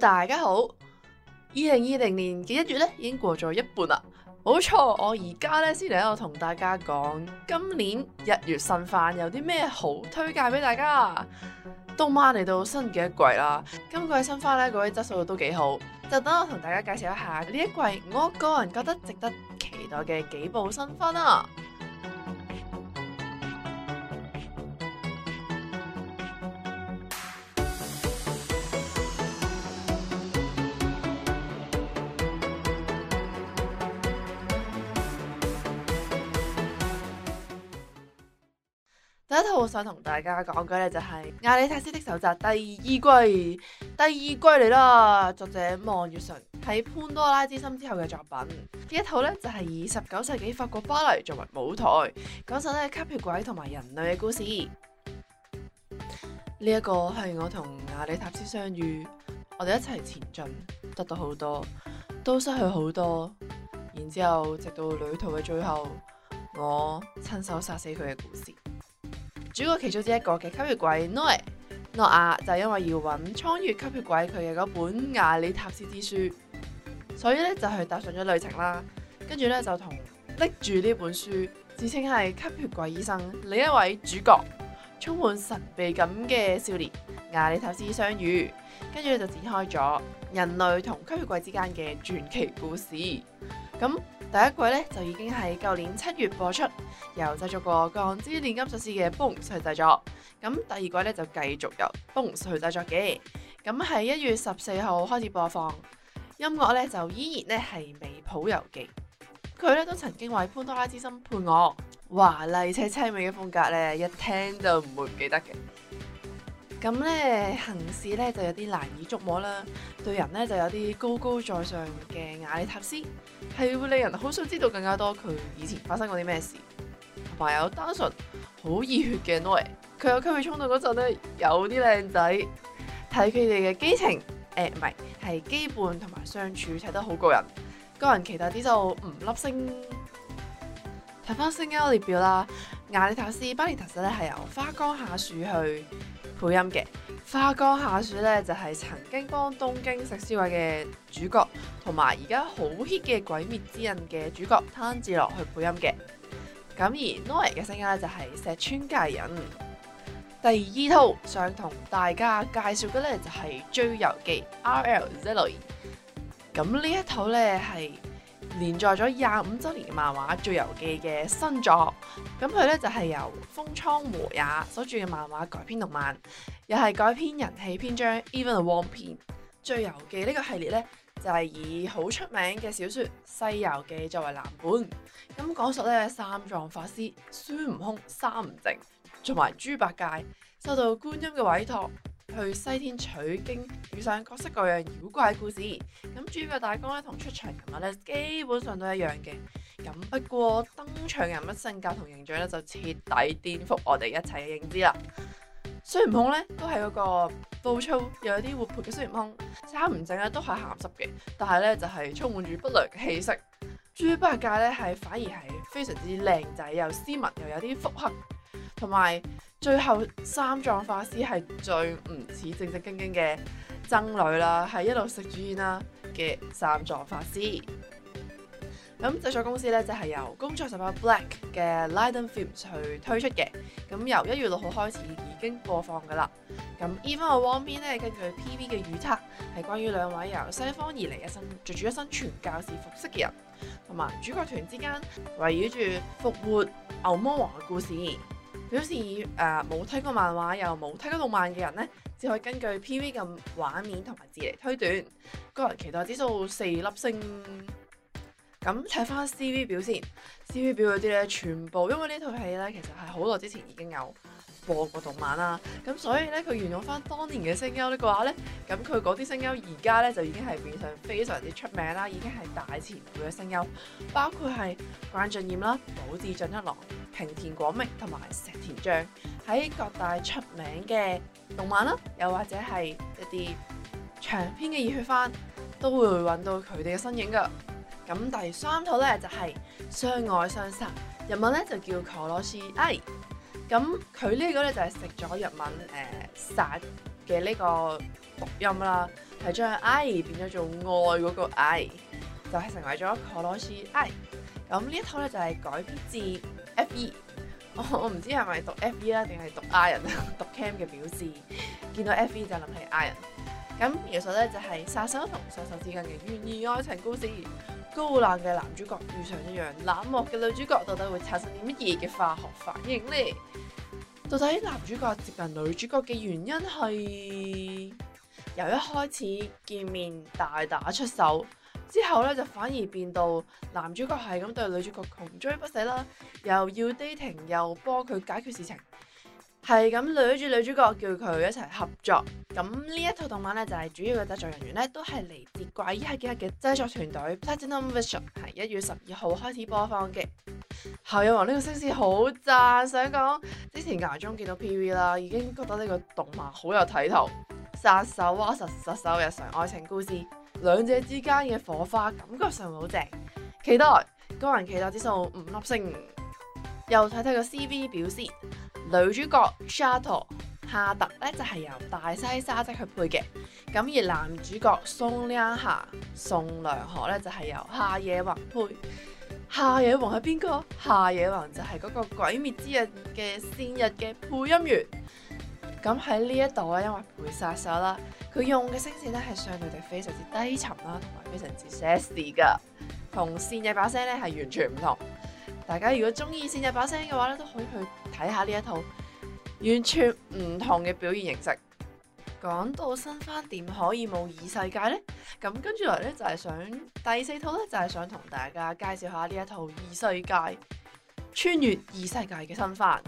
大家好，二零二二年嘅一月咧已經過咗一半啦，冇錯，我而家咧先嚟，我同大家講今年一月新番有啲咩好推介俾大家。冬晚嚟到新嘅一季啦，今季新番咧嗰啲質素都幾好，就等我同大家介紹一下呢一季，我個人覺得值得期待嘅幾部新番啊。第一套我想同大家講嘅咧就係、是、瓦尼塔斯的手札第二季第二季嚟啦，作者望月淳喺潘多拉之心之後嘅作品。第一套咧就係以十九世紀法國巴黎作為舞台，講咗咧吸血鬼同埋人類嘅故事。呢一個係我同瓦尼塔斯相遇，我哋一齊前進，得到好多，都失去好多。然之後直到旅途嘅最後，我親手殺死佢嘅故事。主角其中之一個嘅吸血鬼諾諾亞就因為要揾蒼月吸血鬼佢嘅嗰本瓦尼塔斯之書，所以咧就去踏上咗旅程啦。跟住咧就同拎住呢本書自稱係吸血鬼醫生，另一位主角充滿神秘感嘅少年瓦尼塔斯相遇，跟住咧就展開咗人類同吸血鬼之間嘅傳奇故事。咁第一季咧就已經喺舊年七月播出。由製作過《鋼之煉金術師》嘅崩去製作，咁第二季咧就繼續由崩碎去製作嘅。咁喺一月十四號開始播放音樂咧，就依然咧係《美普遊記》呢，佢咧都曾經為潘多拉之心配我華麗且清美嘅風格咧，一聽就唔會唔記得嘅。咁咧，行事咧就有啲難以捉摸啦。對人咧就有啲高高在上嘅瓦利塔斯，係會令人好想知道更加多佢以前發生過啲咩事。同埋有單純好熱血嘅諾耶，佢有區域衝動嗰陣咧，有啲靚仔睇佢哋嘅基情，誒唔係，係、欸、基本同埋相處睇得好過癮，個人期待啲就五粒星。睇返聲優列表啦，亞歷塔斯、巴尼塔斯咧係由花江夏樹去配音嘅，花江夏樹咧就係、是、曾經幫東京食屍鬼嘅主角，同埋而家好 hit 嘅鬼滅之刃嘅主角炭治郎去配音嘅。咁而 Noé 嘅聲音咧就係石川介人。第二套想同大家介紹嘅咧就係《最遊記》R L Zeroin。咁呢、e、一套咧係連載咗廿五周年嘅漫畫《最遊記》嘅新作。咁佢咧就係、是、由風倉和也所著嘅漫畫改編動漫，又係改編人氣篇章 Even a Worm 篇《最遊記》呢個系列咧，就係以好出名嘅小說《西遊記》作為藍本，咁講述咧三藏法師孫悟空、沙悟淨，同埋豬八戒，受到觀音嘅委託去西天取經，遇上各式各樣妖怪故事。咁主要嘅大綱咧同出場人物咧基本上都一樣嘅，咁不過登場人物性格同形象咧就徹底顛覆我哋一切嘅認知啦。孫悟空咧都係嗰個。粗又有啲活潑嘅孫悟空，衫唔整咧都係鹹濕嘅，但係咧就係、是、充滿住不良嘅氣息。豬八戒咧係反而係非常之靚仔，又斯文又有啲腹黑，同埋最後三藏法師係最唔似正正經經嘅僧侶啦，係一路食住煙啦嘅三藏法師。咁製作公司咧就係、是、由工作十八 Black 嘅 Liden Films 去推出嘅，咁由一月六號開始已經播放噶啦。咁 even 個汪邊咧，根據 PV 嘅預測，係關於兩位由西方而嚟一身著住一身傳教士服飾嘅人，同埋主角團之間圍繞住復活牛魔王嘅故事。表示誒冇睇過漫畫又冇睇過動漫嘅人咧，只可以根據 PV 嘅畫面同埋字嚟推斷。個人期待指數四粒星。咁睇翻 CV 表先，CV 表嗰啲咧全部，因為呢套戲咧其實係好耐之前已經有。播個動漫啦、啊，咁所以咧佢沿用翻當年嘅聲優呢嘅話咧，咁佢嗰啲聲優而家咧就已經係變成非常之出名啦，已經係大前輩嘅聲優，包括係關俊彥啦、保志總一郎、平田廣明同埋石田彰喺各大出名嘅動漫啦、啊，又或者係一啲長篇嘅熱血番都會揾到佢哋嘅身影噶。咁第三套咧就係、是《相愛相殺》，日文咧就叫《可洛斯》。哎！咁佢呢個咧就係食咗日文誒、呃、殺嘅呢個讀音啦，係將 I 變咗做愛嗰個 I，就係、是、成為咗 Kurosaki。咁呢一套咧就係、是、改編自 F.E。我唔知係咪讀 F.E. 啦，定係讀 I r 人啊？ 讀 Cam 嘅表示。見到 F.E. 就諗起 I r o n 咁其實咧就係、是、殺手同殺手之間嘅懸疑愛情故事。高冷嘅男主角遇上一樣冷漠嘅女主角，到底會產生啲乜嘢嘅化學反應呢？到底男主角接近女主角嘅原因係由一開始見面大打出手，之後咧就反而變到男主角係咁對女主角窮追不捨啦，又要 dating 又幫佢解決事情。係咁女住女主角叫佢一齊合作，咁呢一套動漫咧就係、是、主要嘅製作人員咧都係嚟自怪一係嘅製作團隊。Platinum Vision 係一月十二號開始播放嘅。后羿王呢個聲線好讚，想講之前牙中見到 P V 啦，已經覺得呢個動漫好有睇頭。殺手 vs、啊、殺手日常愛情故事，兩者之間嘅火花感覺上好正，期待。個人期待指數五粒星。又睇睇個 C V 表先。女主角 Chateau 夏特咧就係由大西沙織去配嘅，咁而男主角松涼夏宋良河咧就係由夏野宏配。夏野宏係邊個？夏野宏就係嗰個鬼滅《鬼滅之刃》嘅善逸嘅配音員。咁喺呢一度咧，因為配殺手啦，佢用嘅聲線咧係相對地非常之低沉啦，同埋非常之 sexy 噶，同善逸把聲咧係完全唔同。大家如果中意《仙日把聲》嘅話咧，都可以去睇下呢一套完全唔同嘅表現形式。講到新番點可以冇異世界呢？咁跟住嚟咧就係、是、想第四套咧就係、是、想同大家介紹下呢一套異世界穿越異世界嘅新番，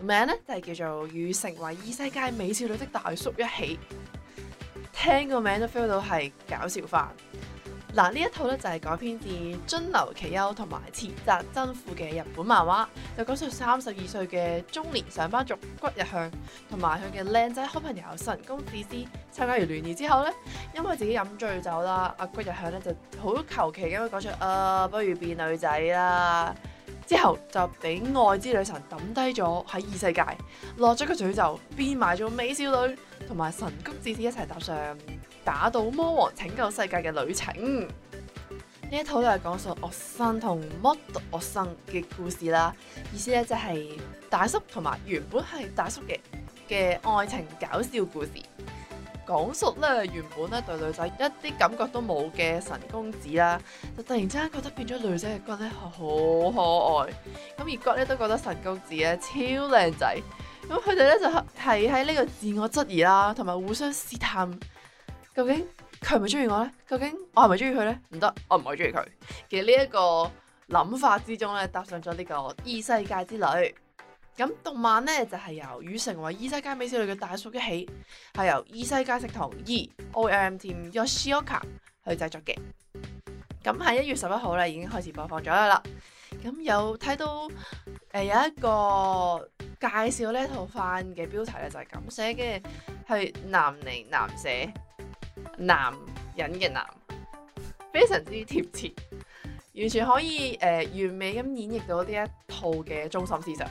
名咧就係、是、叫做與成為異世界美少女的大叔一起，聽個名都 feel 到係搞笑番。嗱，呢一套咧就係改編自津留崎優同埋池澤真富嘅日本漫畫，就講述三十二歲嘅中年上班族橘日向，同埋佢嘅靚仔好朋友神宮寺司參加完聯誼之後呢，因為自己飲醉酒啦，阿橘日向呢就好求其咁樣講出啊、哦，不如變女仔啦，之後就俾愛之女神抌低咗喺異世界，落咗個詛咒，變埋咗美少女，同埋神宮寺司一齊踏上。打倒魔王拯救世界嘅旅程。呢一套就係講述惡生同乜惡生嘅故事啦。意思咧就係大叔同埋原本係大叔嘅嘅愛情搞笑故事，講述咧原本咧對女仔一啲感覺都冇嘅神公子啦，就突然之間覺得變咗女仔嘅骨咧好可愛咁，而骨咧都覺得神公子咧超靚仔咁，佢哋咧就係喺呢個自我質疑啦，同埋互相試探。究竟佢係咪中意我呢？究竟我係咪中意佢呢？唔得，我唔係中意佢。 其實呢一個諗法之中咧，搭上咗呢、這個異世界之旅。咁動漫呢，就係、是、由與成為異世界美少女嘅大叔一起，係由異世界食堂二 O L M Team Yoshioka 去製作嘅。咁喺一月十一號咧已經開始播放咗啦。咁有睇到誒、呃、有一個介紹呢一套番嘅標題咧就係咁寫，嘅：「住係南寧南寫。男人嘅男，非常之貼切，完全可以誒、呃、完美咁演繹到呢一套嘅中心思想。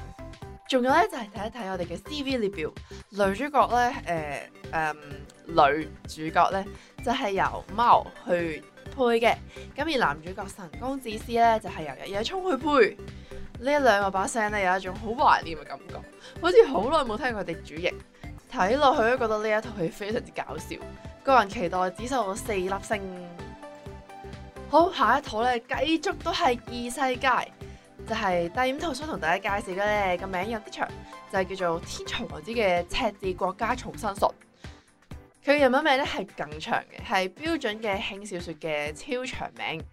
仲有呢，就係睇一睇我哋嘅 CV 列表。女主角呢，誒、呃、誒、呃、女主角呢，就係、是、由貓去配嘅，咁而男主角神宮寺司呢，就係、是、由日野聰去配。呢兩個把聲呢，有一種好懷念嘅感覺，好似好耐冇聽過佢哋主役。睇落去都覺得呢一套戲非常之搞笑。個人期待指數四粒星。好，下一套咧繼續都係異世界，就係第五套想同大家介紹嘅咧，個名有啲長，就係叫做《天才王子嘅赤字國家重生術》。佢嘅英文名咧係更長嘅，係標準嘅輕小說嘅超長名。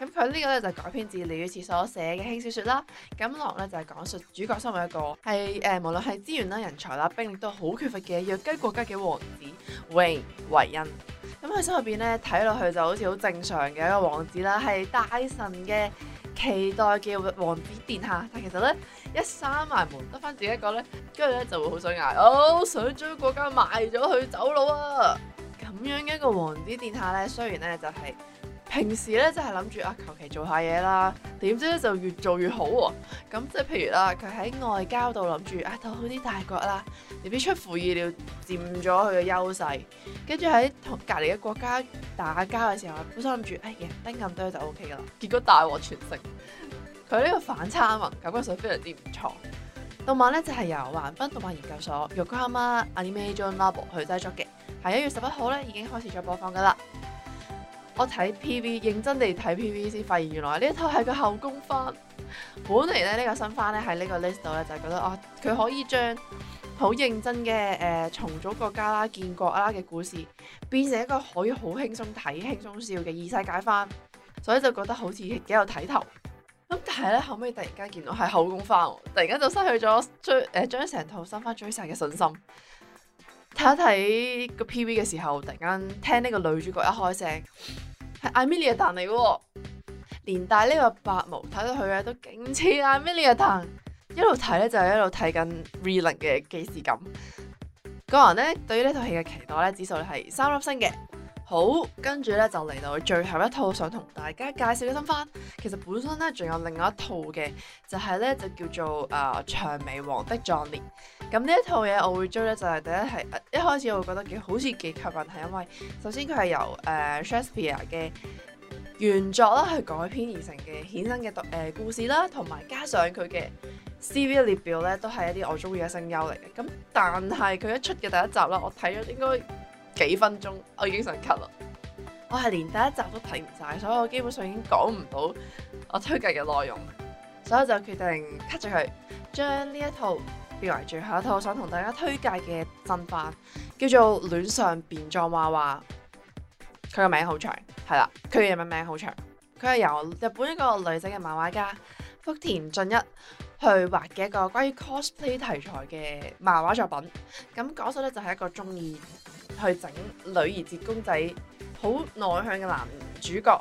咁佢呢個咧就是、改編自《李于廁所》寫嘅輕小說啦。咁狼咧就係、是、講述主角身為一個係誒、呃，無論係資源啦、人才啦、兵力都好缺乏嘅弱雞國家嘅王子永維恩。咁佢心入邊咧睇落去就好似好正常嘅一個王子啦，係大臣嘅期待嘅王子殿下。但其實咧一閂埋門得翻自己一個咧，跟住咧就會好想捱，好、哦、想將國家賣咗去走佬啊！咁樣一個王子殿下咧，雖然咧就係、是。平時咧就係諗住啊，求其做下嘢啦，點知咧就越做越好喎、啊。咁即係譬如啊，佢喺外交度諗住啊討好啲大國啦，未、啊、必出乎意料佔咗佢嘅優勢。跟住喺同隔籬嘅國家打交嘅時候，本身諗住哎呀兵咁多就 O K 噶啦，結果大獲全勝。佢 呢個反差啊，感覺上非常之唔錯。動漫咧就係、是、由橫濱動漫研究所、玉川媽、Animation Labo 去製作嘅，喺一月十一號咧已經開始再播放噶啦。我睇 P.V. 認真地睇 P.V. 先發現原來呢套係個後宮番。本嚟咧呢、呢個新番咧喺呢個 list 度咧就係、係、覺得哦佢、啊、可以將好認真嘅誒、呃、重組國家啦、建國啦嘅故事變成一個可以好輕鬆睇、輕鬆笑嘅異世界番，所以就覺得好似幾有睇頭。咁但係咧後尾突然間見到係後宮番，突然間就失去咗追誒、呃、將成套新番追晒嘅信心。睇一睇個 P.V. 嘅時候，突然間聽呢個女主角一開聲，係艾米莉亞彈嚟嘅，連帶呢個白毛睇到佢啊都勁似艾米莉亞彈，一路睇咧就係一路睇緊 reeling 嘅既視感。個人咧對於呢套戲嘅期待咧指數係三粒星嘅。好，跟住咧就嚟到最後一套想同大家介紹嘅新番，其實本身咧仲有另外一套嘅，就係、是、咧就叫做誒、呃、長尾王的壯烈》。咁呢一套嘢我會追咧，就係、是、第一係一開始我會覺得幾好似幾吸引，係因為首先佢係由誒、uh, Shakespeare 嘅原作啦去改編而成嘅衍生嘅誒故事啦，同埋加上佢嘅 CV 列表咧都係一啲我中意嘅聲優嚟嘅。咁但係佢一出嘅第一集啦，我睇咗應該幾分鐘，我已經想 cut 啦。我係連第一集都睇唔晒，所以我基本上已經講唔到我推介嘅內容，所以就決定 cut 咗佢，將呢一套，變為最後一套想同大家推介嘅新番，叫做《戀上變裝娃娃》，佢個名好長，係啦，佢嘅英文名好長。佢係由日本一個女仔嘅漫畫家福田晉一去畫嘅一個關於 cosplay 題材嘅漫畫作品。咁講述咧就係一個中意去整女兒節公仔、好內向嘅男主角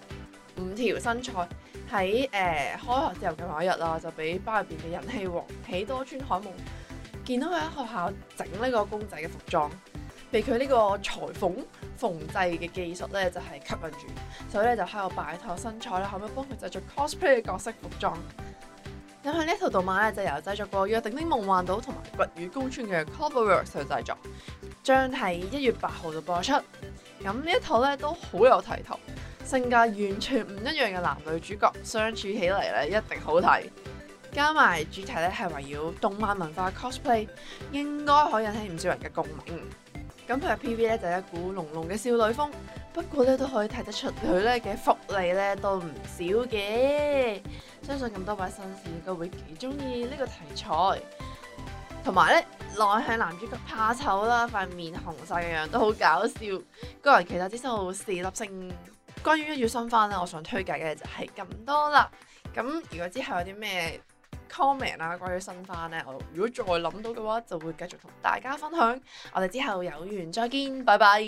五條身材喺誒、呃、開學之後嘅某一日啦，就俾包入邊嘅人氣王喜多川海夢。見到佢喺學校整呢個公仔嘅服裝，被佢呢個裁縫縫製嘅技術咧就係、是、吸引住，所以咧就喺度擺託身材啦，可唔可以幫佢製作 cosplay 嘅角色服裝？咁喺呢套動漫咧就由製作過《約定的夢幻島》同埋《堀與宮村》嘅 CloverWorks 所製作，將喺一月八號就播出。咁呢一套咧都好有睇頭，性格完全唔一樣嘅男女主角相處起嚟咧一定好睇。加埋主題咧，係圍繞動漫文化 cosplay，應該可以引起唔少人嘅共鳴。咁佢嘅 P V 咧就係一股濃濃嘅少女風，不過咧都可以睇得出佢咧嘅福利咧都唔少嘅。相信咁多位紳士都會幾中意呢個題材，同埋咧內向男主角怕醜啦，塊面紅晒嘅樣都好搞笑。個人其他指數四粒星。關於一月新番咧，我想推介嘅就係咁多啦。咁如果之後有啲咩，Comment 啦、啊，關於新番呢，我如果再諗到嘅話，就會繼續同大家分享。我哋之後有緣再見，拜拜。